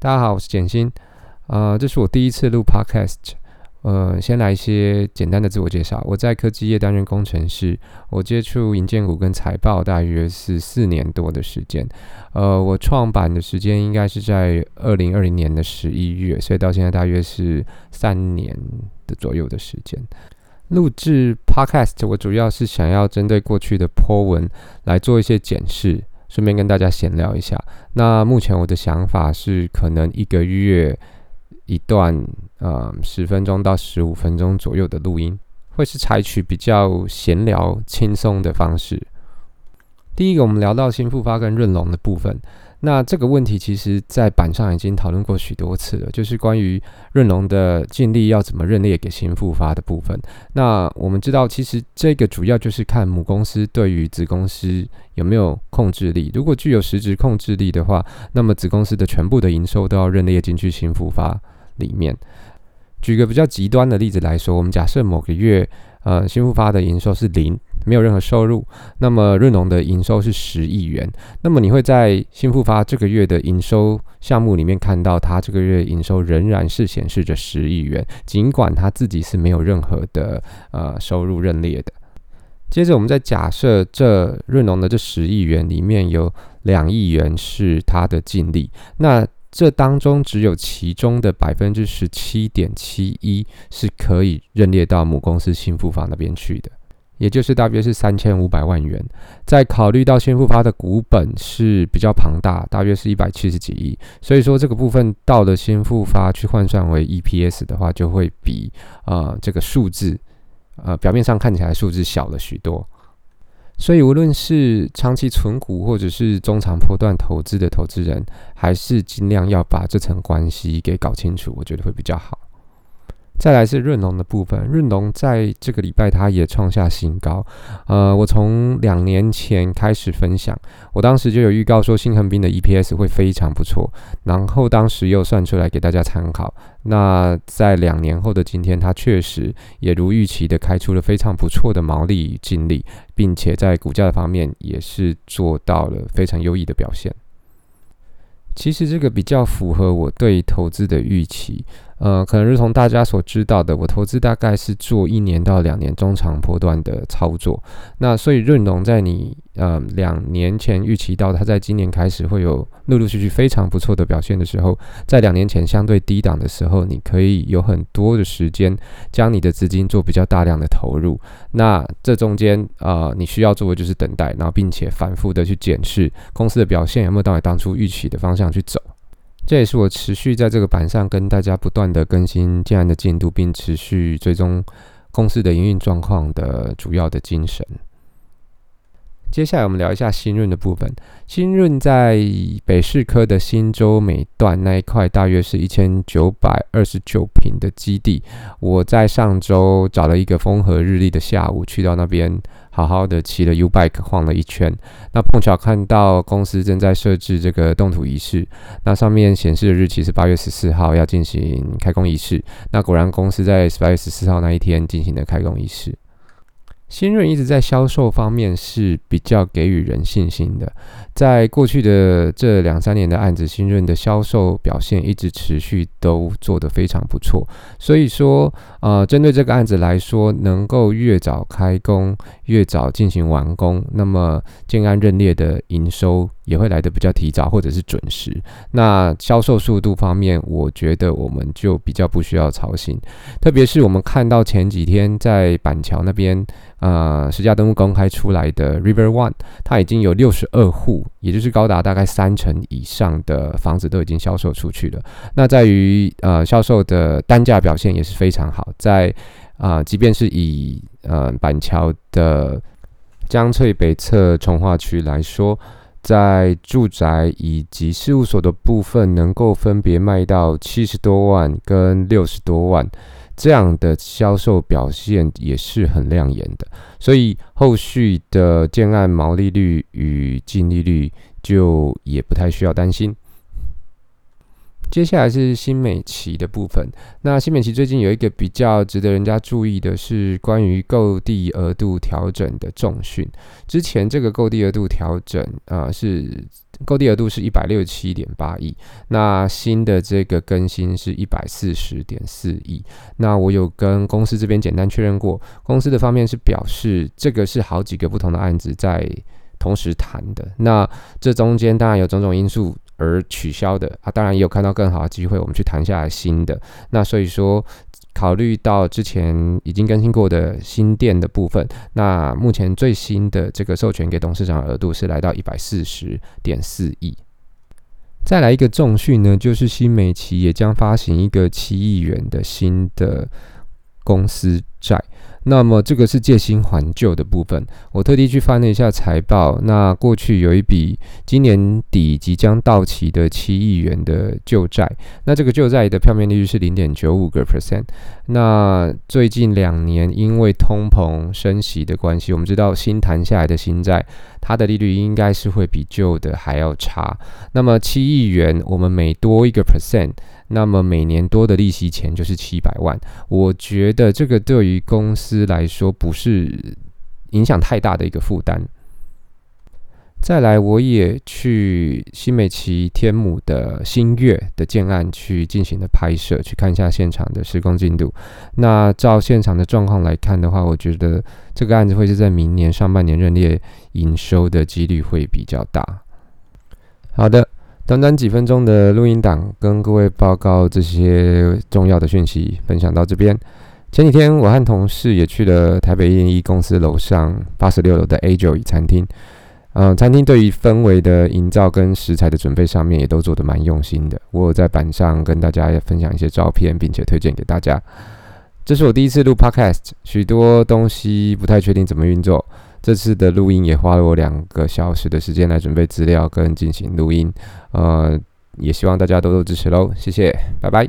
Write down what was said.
大家好，我是簡新。呃，這是我第一次錄 Podcast，呃，先來一些簡單的自我介紹。我在科技業擔任工程師，我接觸營建股跟財報大約是四年多的時間，呃，我創辦的時間應該是在二零二零年的十一月，所以到現在大約是三年的左右的時間。錄製 Podcast，我主要是想要針對過去的 PO 文來做一些檢視。順便跟大家閒聊一下，那目前我的想法是，可能一個月一段，呃，十分鐘到十五分鐘左右的錄音，會是採取比較閒聊、輕鬆的方式。第一個，我們聊到興富發跟潤隆的部分。那這個問題其實，在板上已經討論過許多次了，就是關於潤隆的淨利要怎麼認列給興富發的部分。那我們知道，其實這個主要就是看母公司對於子公司有沒有控制力。如果具有實質控制力的話，那麼子公司的全部的營收都要認列進去興富發裡面。舉個比較極端的例子來說，我們假設某個月，呃，興富發的營收是零。沒有任何收入，那麼潤隆的營收是十億元。那麼你會在興富發這個月的營收項目裡面看到，他這個月營收仍然是顯示着十億元，儘管他自己是沒有任何的呃收入認列的。接着，我們再假設這潤隆的這十億元裡面有兩億元是他的淨利，那這當中只有其中的百分之十七點七一是可以認列到母公司興富發那邊去的。也就是大約是三千五百萬元，在考慮到興富發的股本是比較龐大，大約是一百七十幾億，所以說這個部分到的興富發去換算為 EPS 的話，就會比啊、呃、這個數字，呃表面上看起來數字小了許多。所以無論是長期存股或者是中長波段投資的投資人，還是儘量要把這層關係給搞清楚，我覺得會比較好。再來是潤隆的部分，潤隆在這個禮拜它也創下新高。呃，我從兩年前開始分享，我當時就有預告說新恆冰的 EPS 會非常不錯，然後當時又算出來給大家參考。那在兩年後的今天，它確實也如預期的開出了非常不錯的毛利與淨利，並且在股價的方面也是做到了非常優異的表現。其實這個比較符合我對投資的預期。呃，可能如同大家所知道的，我投資大概是做一年到兩年中長波段的操作。那所以潤隆在你呃兩年前預期到它在今年開始會有陸陸續續非常不錯的表現的時候，在兩年前相對低檔的時候，你可以有很多的時間將你的資金做比較大量的投入。那這中間啊、呃，你需要做的就是等待，然後並且反覆的去檢視公司的表現有沒有到你當初預期的方向去走。這也是我持續在這個板上跟大家不斷地更新這樣的進度，並持續追蹤公司的營運狀況的主要的精神。接下來我們聊一下新潤的部分。新潤在北士科的新洲美段那一塊，大約是一千九百二十九坪的基地。我在上週找了一個風和日麗的下午，去到那邊。好好的騎了 U bike 晃了一圈，那碰巧看到公司正在設置這個動土儀式，那上面顯示的日期是八月十四號要進行開工儀式，那果然公司在八月十四號那一天進行的開工儀式。新潤一直在銷售方面是比較給予人信心的，在過去的這兩三年的案子，新潤的銷售表現一直持續都做得非常不錯，所以說，呃，針對這個案子來說，能夠越早開工，越早進行完工，那麼建安認列的營收。也會來得比較提早或者是準時。那銷售速度方面，我覺得我們就比較不需要操心。特別是我們看到前幾天在板橋那邊，呃，實價登錄公開出來的 River One，它已經有六十二戶，也就是高達大概三成以上的房子都已經銷售出去了。那在於呃銷售的單價表現也是非常好，在啊、呃，即便是以呃板橋的江翠北側重劃區來說。在住宅以及事務所的部分，能夠分別賣到七十多萬跟六十多萬，這樣的銷售表現也是很亮眼的。所以後續的建案毛利率與淨利率就也不太需要擔心。接下來是新美齊的部分。那新美齊最近有一個比較值得人家注意的是關於購地額度調整的重訊。之前這個購地額度調整啊、呃、是購地額度是一百六十七點八億，那新的這個更新是一百四十點四億。那我有跟公司這邊簡單確認過，公司的方面是表示這個是好幾個不同的案子在同時談的。那這中間當然有種種因素。而取消的啊，當然也有看到更好的機會，我們去談下來新的。那所以說，考慮到之前已經更新過的新店的部分，那目前最新的這個授權給董事長額度是來到一百四十點四億。再來一個重訊呢，就是新美齊也將發行一個七億元的新的公司債。那麼這個是借新還舊的部分，我特地去翻了一下財報。那過去有一筆今年底即將到期的七億元的舊債，那這個舊債的票面利率是零點九五個 percent。那最近兩年因為通膨升息的關係，我們知道新談下來的新債，它的利率應該是會比舊的還要差。那麼七億元，我們每多一個 percent，那麼每年多的利息錢就是七百萬。我覺得這個對於公司來說，不是影響太大的一個負擔。再來，我也去新美齊天母的新月的建案去進行了拍攝，去看一下現場的施工進度。那照現場的狀況來看的話，我覺得這個案子會是在明年上半年認列營收的幾率會比較大。好的，短短幾分鐘的錄音檔，跟各位報告這些重要的訊息，分享到這邊。前幾天，我和同事也去了台北一零一公司樓上八十六樓的 A 九乙餐廳。嗯，餐廳對於氛圍的營造跟食材的準備上面，也都做得蠻用心的。我有在板上跟大家分享一些照片，並且推薦給大家。這是我第一次錄 Podcast，許多東西不太確定怎麼運作。這次的錄音也花了我兩個小時的時間來準備資料跟進行錄音。呃，也希望大家多多支持嘍，謝謝，拜拜。